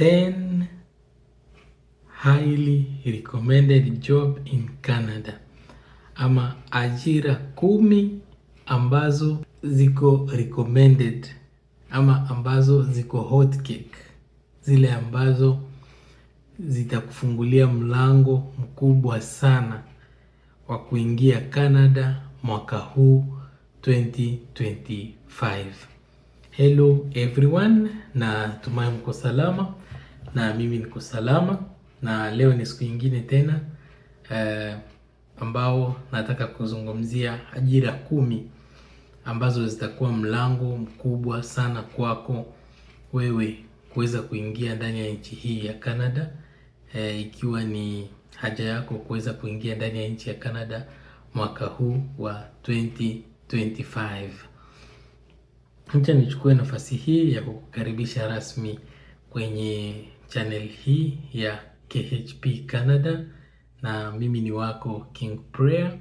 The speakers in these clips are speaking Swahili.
ten highly recommended job in Canada, ama ajira kumi ambazo ziko recommended ama ambazo ziko hot cake, zile ambazo zitakufungulia mlango mkubwa sana wa kuingia Canada mwaka huu 2025. Hello everyone, na tumai mko salama na mimi niko salama, na leo ni siku nyingine tena eh, ambao nataka kuzungumzia ajira kumi ambazo zitakuwa mlango mkubwa sana kwako wewe kuweza kuingia ndani ya nchi hii ya Canada eh, ikiwa ni haja yako kuweza kuingia ndani ya nchi ya Canada mwaka huu wa 2025. Acha nichukue nafasi hii ya kukukaribisha rasmi kwenye channel hii ya KHP Canada na mimi ni wako King Prayer,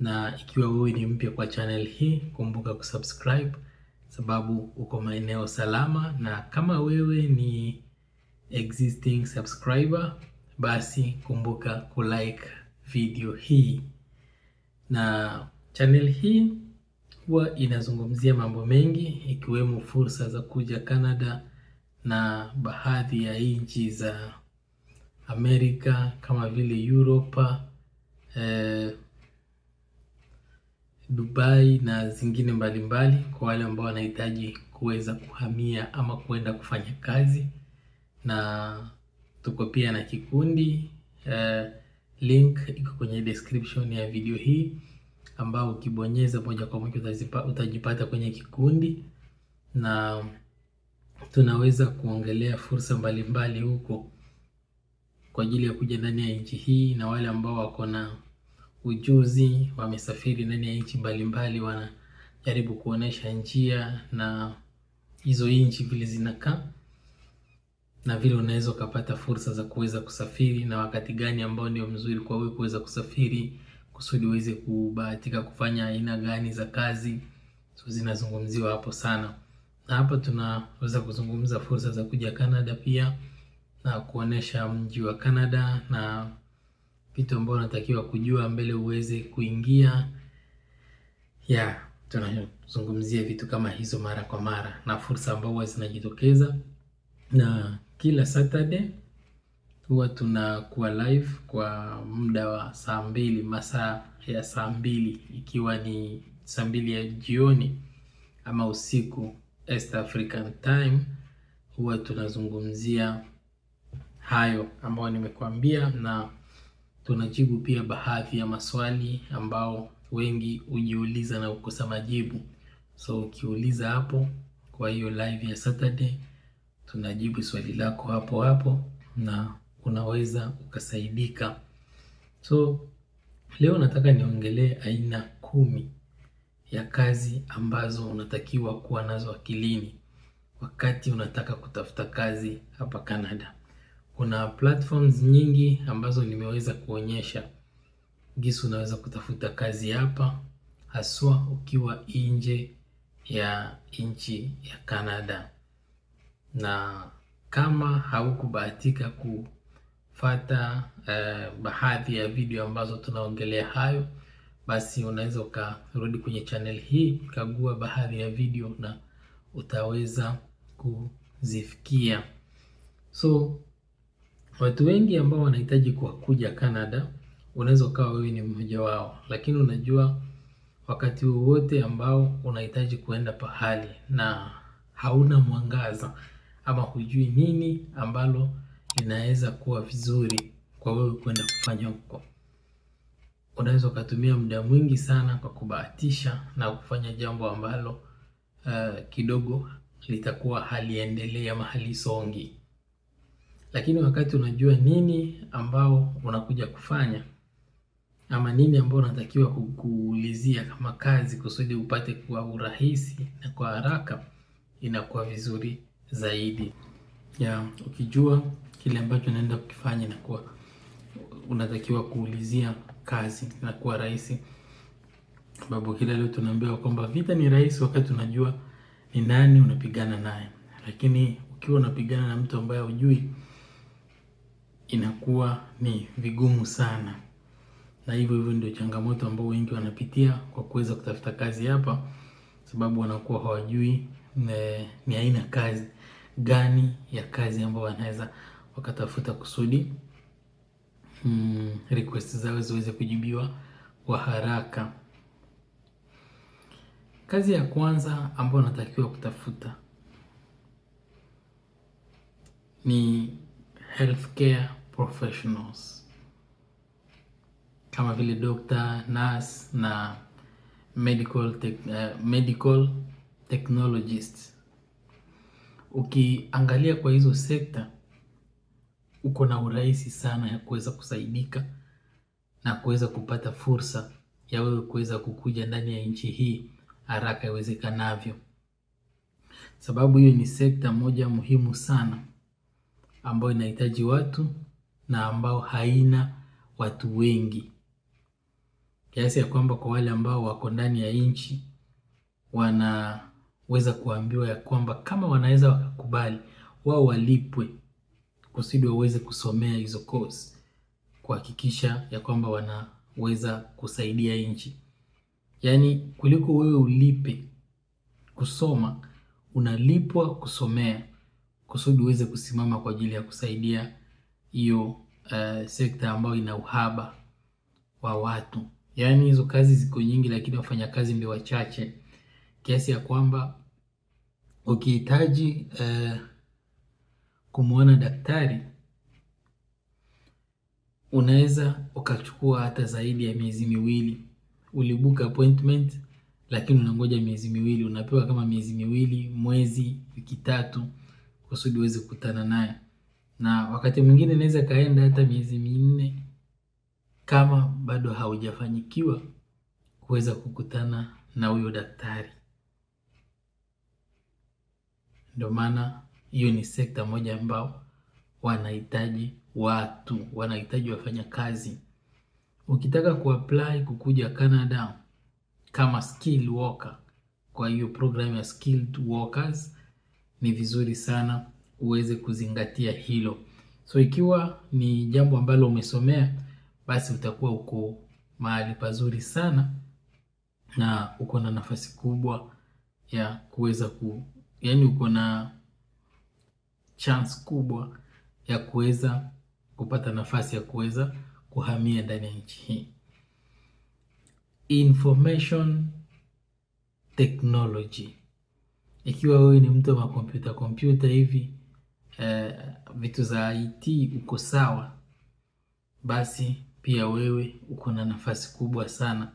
na ikiwa wewe ni mpya kwa channel hii, kumbuka kusubscribe sababu uko maeneo salama, na kama wewe ni existing subscriber, basi kumbuka kulike video hii. Na channel hii huwa inazungumzia mambo mengi ikiwemo fursa za kuja Canada na baadhi ya nchi za Amerika kama vile Europa eh, Dubai na zingine mbalimbali mbali, kwa wale ambao wanahitaji kuweza kuhamia ama kuenda kufanya kazi, na tuko pia na kikundi eh, link iko kwenye description ya video hii, ambao ukibonyeza moja kwa moja utajipata kwenye kikundi na tunaweza kuongelea fursa mbalimbali huko kwa ajili ya kuja ndani ya nchi hii, na wale ambao wako na ujuzi wamesafiri ndani ya nchi mbalimbali, wanajaribu kuonesha njia na hizo nchi vile zinakaa na vile unaweza ukapata fursa za kuweza kusafiri na wakati gani ambao ndio mzuri kwa wewe kuweza kusafiri kusudi uweze kubahatika kufanya aina gani za kazi. So zinazungumziwa hapo sana na hapa tunaweza kuzungumza fursa za kuja Canada pia na kuonesha mji wa Canada na vitu ambavyo unatakiwa kujua mbele uweze kuingia. Yeah, tunazungumzia vitu kama hizo mara kwa mara na fursa ambazo huwa zinajitokeza, na kila Saturday huwa tunakuwa live kwa muda wa saa mbili, masaa ya saa mbili, ikiwa ni saa mbili ya jioni ama usiku East African Time huwa tunazungumzia hayo ambayo nimekuambia, na tunajibu pia baadhi ya maswali ambao wengi hujiuliza na kukosa majibu. So ukiuliza hapo kwa hiyo live ya Saturday, tunajibu swali lako hapo hapo na unaweza ukasaidika. So leo nataka niongelee aina kumi ya kazi ambazo unatakiwa kuwa nazo akilini wakati unataka kutafuta kazi hapa Canada. Kuna platforms nyingi ambazo nimeweza kuonyesha jinsi unaweza kutafuta kazi hapa haswa ukiwa nje ya nchi ya Canada. Na kama haukubahatika kufata eh, baadhi ya video ambazo tunaongelea hayo basi unaweza ukarudi kwenye channel hii ukagua baadhi ya video na utaweza kuzifikia. So watu wengi ambao wanahitaji kuwakuja Canada, unaweza ukawa wewe ni mmoja wao, lakini unajua wakati wowote ambao unahitaji kuenda pahali na hauna mwangaza ama hujui nini ambalo linaweza kuwa vizuri kwa wewe kwenda kufanya huko unaweza ukatumia muda mwingi sana kwa kubahatisha na kufanya jambo ambalo uh, kidogo litakuwa haliendelee ama halisongi. Lakini wakati unajua nini ambao unakuja kufanya ama nini ambao unatakiwa kuulizia kama kazi kusudi upate kwa urahisi na kwa haraka, inakuwa vizuri zaidi ya ukijua kile ambacho unaenda kukifanya, inakuwa unatakiwa kuulizia kazi inakuwa rahisi, sababu kila leo tunaambiwa kwamba vita ni rahisi wakati unajua ni nani unapigana naye, lakini ukiwa unapigana na mtu ambaye hujui inakuwa ni vigumu sana, na hivyo hivyo ndio changamoto ambao wengi wanapitia kwa kuweza kutafuta kazi hapa, sababu wanakuwa hawajui eh, ni aina kazi gani ya kazi ambayo wanaweza wakatafuta kusudi mm, request zao ziweze kujibiwa kwa haraka. Kazi ya kwanza ambayo unatakiwa kutafuta ni healthcare professionals kama vile doctor, nurse na medical, tech, uh, medical technologists. Ukiangalia kwa hizo sekta uko na urahisi sana ya kuweza kusaidika na kuweza kupata fursa ya wewe kuweza kukuja ndani ya nchi hii haraka iwezekanavyo, sababu hiyo ni sekta moja muhimu sana ambayo inahitaji watu na ambao haina watu wengi, kiasi ya kwamba kwa wale ambao wako ndani ya nchi wanaweza kuambiwa ya kwamba kama wanaweza wakakubali wao walipwe kusudi waweze kusomea hizo course, kuhakikisha ya kwamba wanaweza kusaidia nchi. Yaani kuliko wewe ulipe kusoma, unalipwa kusomea kusudi uweze kusimama kwa ajili ya kusaidia hiyo uh, sekta ambayo ina uhaba wa watu. Yaani hizo kazi ziko nyingi, lakini wafanyakazi ndio wachache kiasi ya kwamba ukihitaji uh, kumwona daktari unaweza ukachukua hata zaidi ya miezi miwili. Ulibook appointment lakini unangoja miezi miwili, unapewa kama miezi miwili, mwezi, wiki tatu kusudi uweze kukutana naye, na wakati mwingine inaweza kaenda hata miezi minne kama bado haujafanyikiwa kuweza kukutana na huyo daktari. Ndio maana hiyo ni sekta moja ambao wanahitaji watu, wanahitaji wafanya kazi. Ukitaka kuapply kukuja Canada kama skilled worker, kwa hiyo program ya skilled workers, ni vizuri sana uweze kuzingatia hilo. So ikiwa ni jambo ambalo umesomea, basi utakuwa uko mahali pazuri sana na uko na nafasi kubwa ya kuweza ku, yani uko na chance kubwa ya kuweza kupata nafasi ya kuweza kuhamia ndani ya nchi hii. Information technology, ikiwa wewe ni mtu wa makompyuta kompyuta hivi eh, vitu za IT uko sawa, basi pia wewe uko na nafasi kubwa sana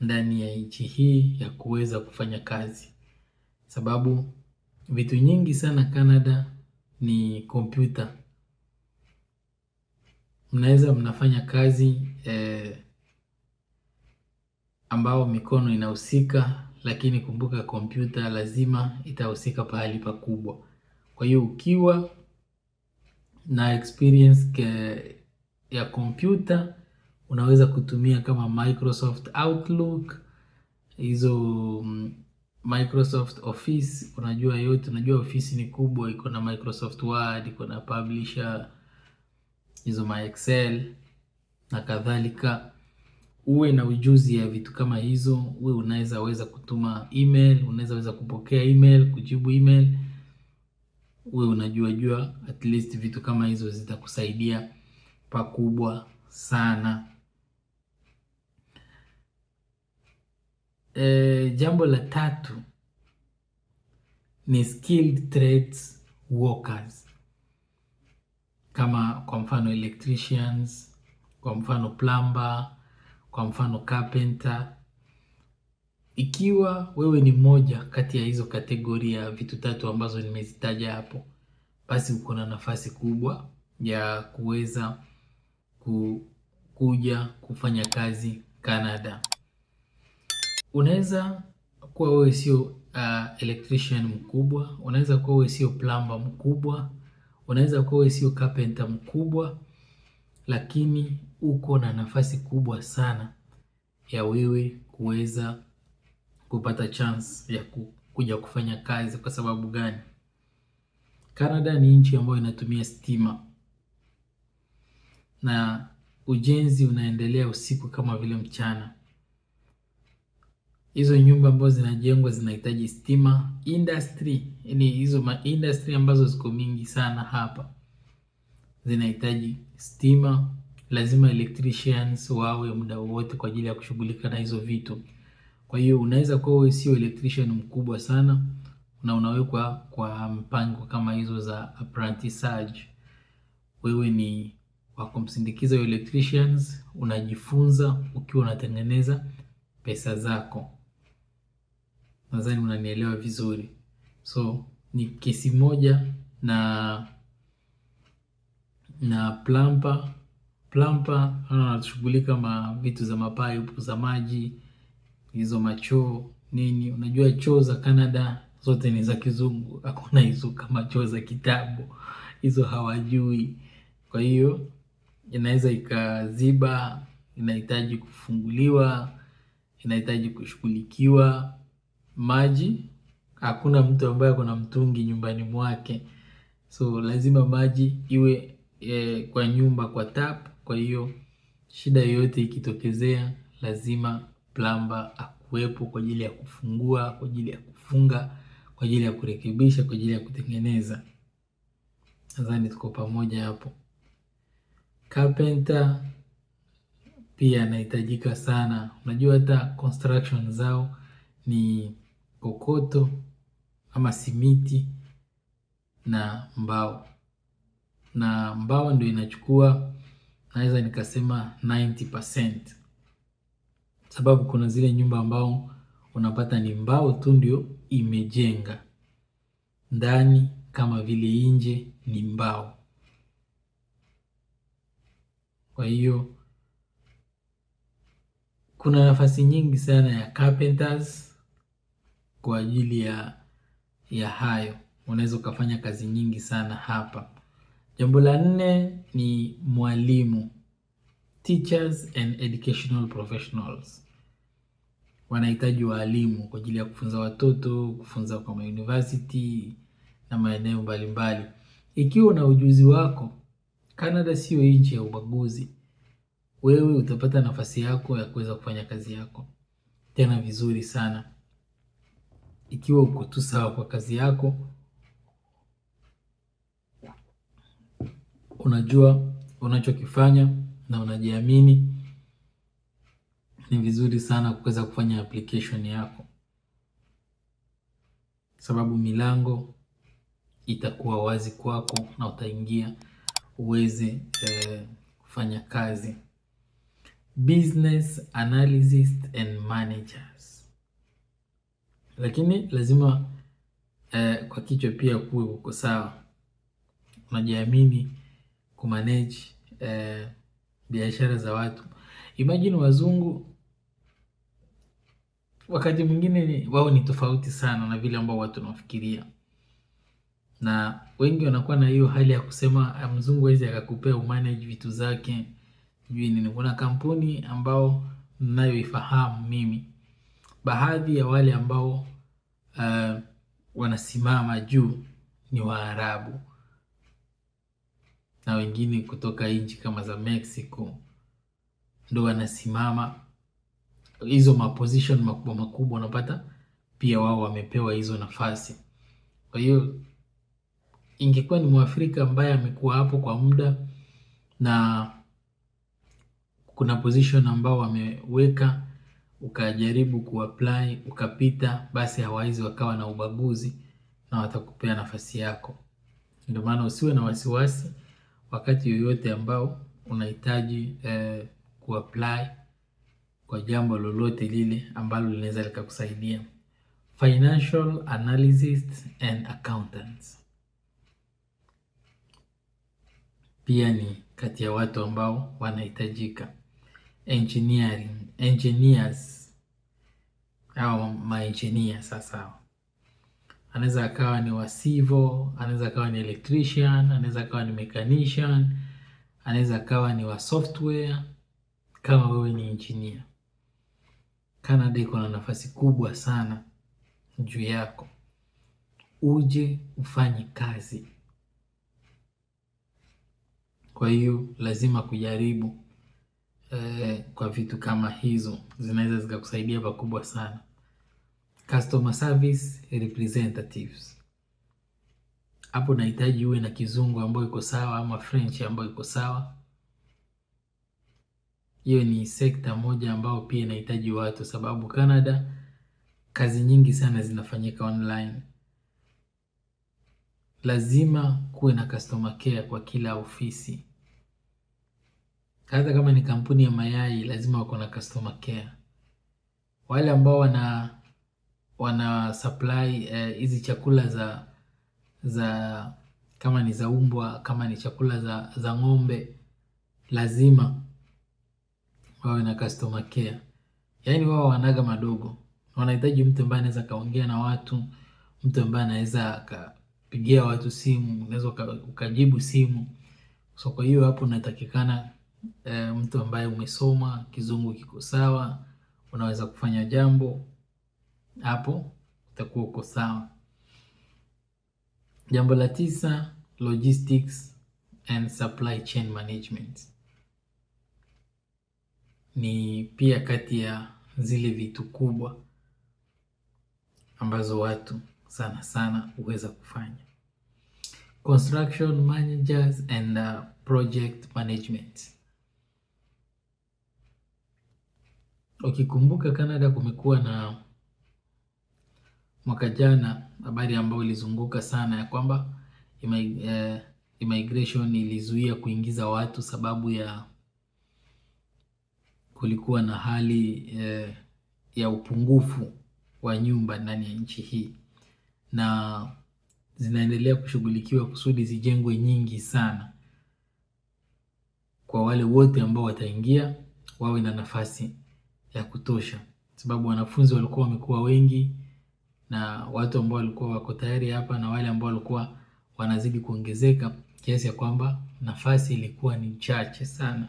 ndani ya nchi hii ya kuweza kufanya kazi, sababu vitu nyingi sana Canada ni kompyuta. Mnaweza mnafanya kazi eh, ambao mikono inahusika, lakini kumbuka kompyuta lazima itahusika pahali pakubwa. Kwa hiyo ukiwa na experience ke, eh, ya kompyuta unaweza kutumia kama Microsoft Outlook hizo mm, Microsoft Office unajua yote, unajua ofisi ni kubwa, iko na Microsoft Word, iko na Publisher, hizo ma Excel na kadhalika. Uwe na ujuzi ya vitu kama hizo, uwe unaweza weza kutuma email, unaweza weza kupokea email, kujibu email, uwe unajua jua at least vitu kama hizo zitakusaidia pakubwa sana. E, jambo la tatu ni skilled trades workers kama kwa mfano electricians, kwa mfano plumber, kwa mfano carpenter. Ikiwa wewe ni moja kati ya hizo kategoria ya vitu tatu ambazo nimezitaja hapo, basi uko na nafasi kubwa ya kuweza kuja kufanya kazi Canada. Unaweza kuwa wewe sio uh, electrician mkubwa, unaweza kuwa wewe sio plumber mkubwa, unaweza kuwa wewe sio carpenter mkubwa, lakini uko na nafasi kubwa sana ya wewe kuweza kupata chance ya kuja kufanya kazi. Kwa sababu gani? Canada ni nchi ambayo inatumia stima na ujenzi unaendelea usiku kama vile mchana hizo nyumba ambazo zinajengwa zinahitaji stima industry, yani hizo ma industry ambazo ziko mingi sana hapa zinahitaji stima. Lazima electricians wawe muda wote kwa ajili ya kushughulika na hizo vitu. Kwa hiyo unaweza kuwa wewe sio electrician mkubwa sana, na unawekwa kwa mpango kama hizo za apprentissage. Wewe ni wa kumsindikiza electricians, unajifunza ukiwa unatengeneza pesa zako nadhani unanielewa vizuri. So ni kesi moja na na plampa plampa anashughulika ma vitu za mapipe za maji hizo machoo nini. Unajua choo za Canada zote ni za kizungu, hakuna hizo kama choo za kitabu, hizo hawajui. Kwa hiyo inaweza ikaziba, inahitaji kufunguliwa, inahitaji kushughulikiwa maji. Hakuna mtu ambaye ako na mtungi nyumbani mwake, so lazima maji iwe e, kwa nyumba kwa tap. Kwa hiyo shida yoyote ikitokezea, lazima plamba akuwepo kwa ajili ya kufungua, kwa ajili ya kufunga, kwa ajili ya kurekebisha, kwa ajili ya kutengeneza. Nadhani tuko pamoja hapo. Carpenter pia anahitajika sana. Unajua hata construction zao ni kokoto ama simiti na mbao. Na mbao ndio inachukua naweza nikasema 90%. Sababu kuna zile nyumba ambao unapata ni mbao tu ndio imejenga. Ndani kama vile nje ni mbao. Kwa hiyo kuna nafasi nyingi sana ya carpenters kwa ajili ya ya hayo. Unaweza ukafanya kazi nyingi sana hapa. Jambo la nne ni mwalimu, teachers and educational professionals. Wanahitaji waalimu kwa ajili ya kufunza watoto, kufunza kwa mauniversity na maeneo mbalimbali. Ikiwa na ujuzi wako, Canada sio nchi ya ubaguzi. Wewe utapata nafasi yako ya kuweza kufanya kazi yako tena vizuri sana ikiwa uko tu sawa kwa kazi yako, unajua unachokifanya na unajiamini, ni vizuri sana kuweza kufanya application yako, sababu milango itakuwa wazi kwako na utaingia uweze eh, kufanya kazi. Business analysis and managers lakini lazima eh, kwa kichwa pia kuwe uko sawa, unajiamini kumanage eh, biashara za watu. Imagine wazungu wakati mwingine wao ni tofauti sana na vile ambao watu wanafikiria, na wengi wanakuwa na hiyo hali ya kusema ah, mzungu hawezi akakupea umanage vitu zake juu nini. Kuna kampuni ambao ninayoifahamu mimi baadhi ya wale ambao uh, wanasimama juu ni Waarabu na wengine kutoka nchi kama za Mexico ndo wanasimama hizo maposition makubwa makubwa, unapata pia wao wamepewa hizo nafasi. Kwa hiyo ingekuwa ni Mwafrika ambaye amekuwa hapo kwa muda na kuna position ambao wameweka ukajaribu kuapply ukapita, basi hawawezi wakawa na ubaguzi na watakupea nafasi yako. Ndio maana usiwe na wasiwasi wakati yoyote ambao unahitaji eh, kuapply kwa jambo lolote lile ambalo linaweza likakusaidia. Financial analysis and accountants pia ni kati ya watu ambao wanahitajika engineering engineers au maengineer sasa, anaweza akawa ni wasivo anaweza akawa ni electrician, anaweza akawa ni mechanician, anaweza akawa ni wa software. Kama wewe ni engineer, Canada iko na nafasi kubwa sana juu yako, uje ufanye kazi. Kwa hiyo lazima kujaribu eh, kwa vitu kama hizo zinaweza zikakusaidia pakubwa sana. Customer service representatives, hapo nahitaji uwe na kizungu ambayo iko sawa ama French ambayo iko sawa. Hiyo ni sekta moja ambayo pia inahitaji watu, sababu Canada kazi nyingi sana zinafanyika online. Lazima kuwe na customer care kwa kila ofisi hata kama ni kampuni ya mayai lazima wako na customer care. Wale ambao wana wana supply eh, hizi eh, chakula za za kama ni za umbwa, kama ni chakula za za ng'ombe, lazima wawe na customer care. Yaani wao wanaga madogo, wanahitaji mtu ambaye anaweza kaongea na watu, mtu ambaye anaweza akapigia watu simu, unaweza ukajibu simu. So kwa hiyo hapo unatakikana e, mtu ambaye umesoma kizungu kiko sawa, unaweza kufanya jambo hapo, utakuwa uko sawa. Jambo la tisa, logistics and supply chain management ni pia kati ya zile vitu kubwa ambazo watu sana sana huweza kufanya. Construction managers and uh, project management Ukikumbuka Canada kumekuwa na mwaka jana habari ambayo ilizunguka sana ya kwamba eh, immigration ilizuia kuingiza watu sababu ya kulikuwa na hali eh, ya upungufu wa nyumba ndani ya nchi hii na zinaendelea kushughulikiwa kusudi zijengwe nyingi sana kwa wale wote ambao wataingia wawe na nafasi ya kutosha, sababu wanafunzi walikuwa wamekuwa wengi na watu ambao walikuwa wako tayari hapa na wale ambao walikuwa wanazidi kuongezeka kiasi ya kwamba nafasi ilikuwa ni chache sana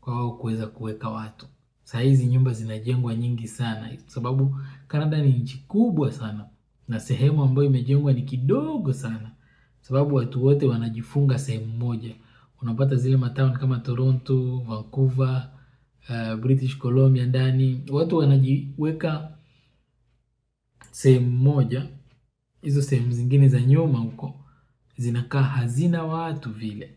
kwa wao kuweza kuweka watu. Saa hizi nyumba zinajengwa nyingi sana, sababu Kanada ni nchi kubwa sana na sehemu ambayo imejengwa ni kidogo sana, sababu watu wote wanajifunga sehemu moja. Unapata zile matown kama Toronto, Vancouver, uh, British Columbia ndani, watu wanajiweka sehemu moja, hizo sehemu zingine za nyuma huko zinakaa hazina watu vile.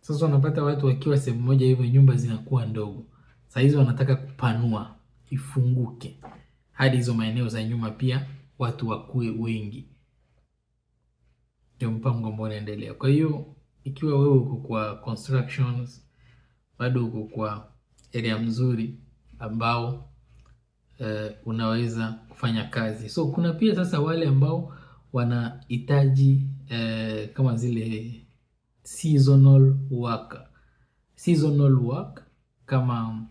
Sasa wanapata watu wakiwa sehemu moja hivyo, nyumba zinakuwa ndogo. Saa hizo wanataka kupanua ifunguke hadi hizo maeneo za nyuma, pia watu wakuwe wengi. Ndio mpango ambao unaendelea. Kwa hiyo ikiwa wewe uko kwa constructions bado uko kwa area mzuri ambao uh, unaweza kufanya kazi. So kuna pia sasa wale ambao wanahitaji uh, kama zile seasonal work. Seasonal work kama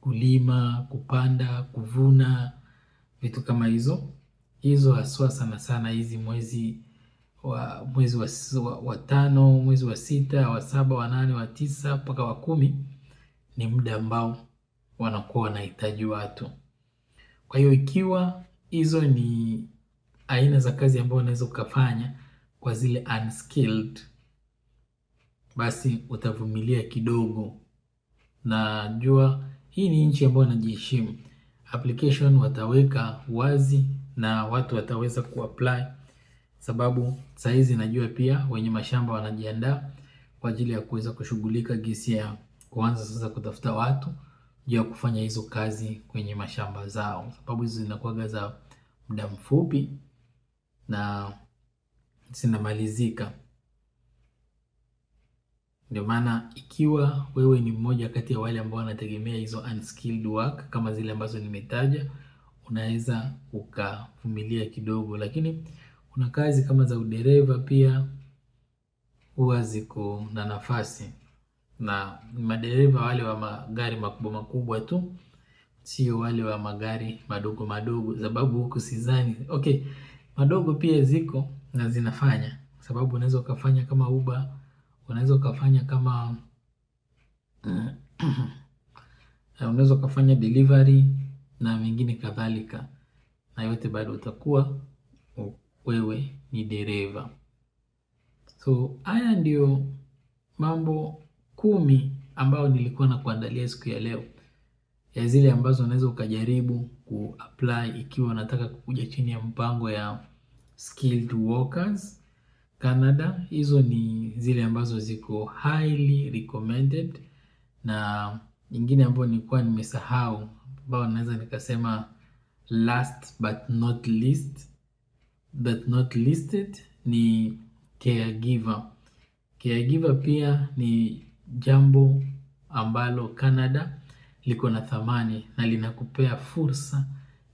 kulima, kupanda, kuvuna, vitu kama hizo. Hizo haswa sana sana hizi mwezi wa mwezi wa, wa, wa tano, mwezi wa sita, wa saba, wa nane, wa tisa mpaka wa kumi ni muda ambao wanakuwa wanahitaji watu. Kwa hiyo ikiwa hizo ni aina za kazi ambazo unaweza ukafanya kwa zile unskilled, basi utavumilia kidogo. Najua hii ni nchi ambayo inajiheshimu. Application wataweka wazi na watu wataweza kuapply sababu saizi najua pia wenye mashamba wanajiandaa kwa ajili ya kuweza kushughulika gesi ya kuanza sasa kutafuta watu juu ya kufanya hizo kazi kwenye mashamba zao, sababu hizo zinakuwaga za muda mfupi na zinamalizika. Ndio maana ikiwa wewe ni mmoja kati ya wale ambao wanategemea hizo unskilled work kama zile ambazo nimetaja, unaweza ukavumilia kidogo, lakini kuna kazi kama za udereva pia huwa ziko na nafasi na madereva wale wa magari makubwa makubwa tu, sio wale wa magari madogo madogo, sababu huku sizani Okay, madogo pia ziko na zinafanya, sababu unaweza ukafanya kama Uber, unaweza ukafanya kama unaweza ukafanya delivery na mengine kadhalika, na yote bado utakuwa wewe ni dereva. So haya ndio mambo kumi ambayo nilikuwa na kuandalia siku ya leo ya zile ambazo unaweza ukajaribu kuapply ikiwa unataka kukuja chini ya mpango ya skilled workers Canada. Hizo ni zile ambazo ziko highly recommended, na nyingine ambayo nilikuwa nimesahau ambayo naweza nikasema last but not least but not listed ni caregiver. Caregiver pia ni jambo ambalo Canada liko na thamani na linakupea fursa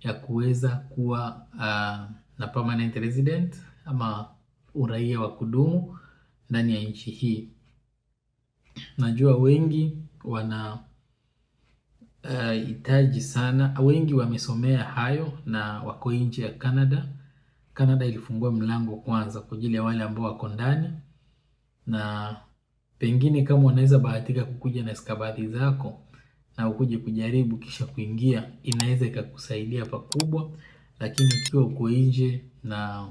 ya kuweza kuwa uh, na permanent resident ama uraia wa kudumu ndani ya nchi hii. Najua wengi wana ah, hitaji sana, wengi wamesomea hayo na wako nje ya Canada Canada ilifungua mlango kwanza kwa ajili ya wale ambao wako ndani, na pengine kama unaweza bahatika kukuja na stakabadhi zako na ukuje kujaribu kisha kuingia, inaweza ikakusaidia pakubwa, lakini ikiwa uko nje na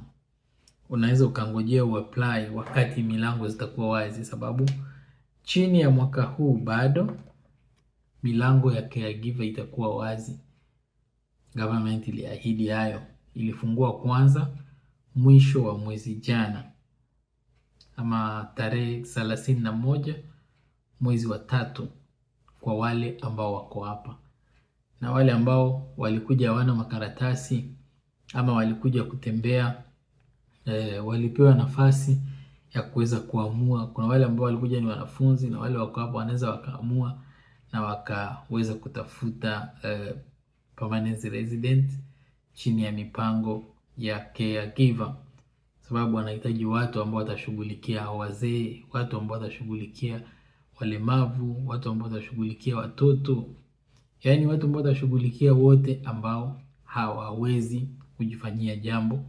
unaweza ukangojea uapply wakati milango zitakuwa wazi, sababu chini ya mwaka huu bado milango ya caregiver itakuwa wazi. Government iliahidi hayo ilifungua kwanza mwisho wa mwezi jana ama tarehe thelathini na moja mwezi wa tatu kwa wale ambao wako hapa na wale ambao walikuja hawana makaratasi ama walikuja kutembea e, walipewa nafasi ya kuweza kuamua. Kuna wale ambao walikuja ni wanafunzi na wale wako hapa wanaweza wakaamua na wakaweza kutafuta e, permanent resident chini ya mipango ya caregiver, sababu anahitaji watu ambao watashughulikia wazee, watu ambao watashughulikia walemavu, watu ambao watashughulikia watoto, yaani watu ambao watashughulikia wote ambao hawawezi kujifanyia jambo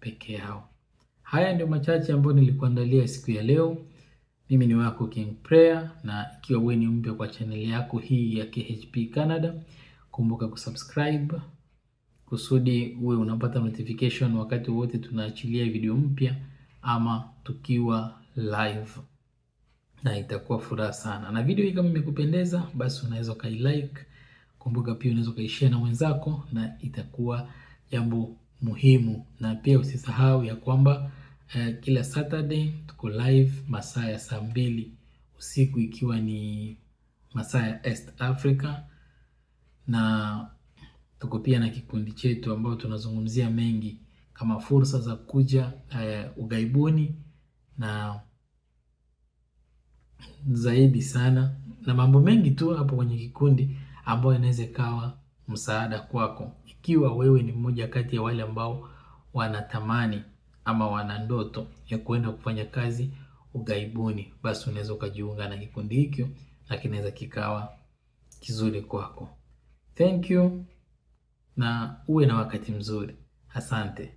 peke yao. Haya ndio machache ambayo nilikuandalia siku ya leo. Mimi ni wako King Prayer, na ikiwa wewe ni mpya kwa chaneli yako hii ya KHP Canada, kumbuka kusubscribe kusudi uwe unapata notification wakati wote tunaachilia video mpya ama tukiwa live, na itakuwa furaha sana. Na video hii kama imekupendeza, basi unaweza ukailike. Kumbuka pia unaweza ukaishare na wenzako na itakuwa jambo muhimu. Na pia usisahau ya kwamba eh, kila Saturday tuko live masaa ya saa mbili usiku ikiwa ni masaa ya East Africa na tuko pia na kikundi chetu ambao tunazungumzia mengi kama fursa za kuja uh, eh, ugaibuni na zaidi sana na mambo mengi tu hapo kwenye kikundi ambayo inaweza ikawa msaada kwako, ikiwa wewe ni mmoja kati ya wale ambao wanatamani ama wana ndoto ya kuenda kufanya kazi ugaibuni, basi unaweza ukajiunga na kikundi hicho na kinaweza kikawa kizuri kwako. Thank you na uwe na wakati mzuri. Asante.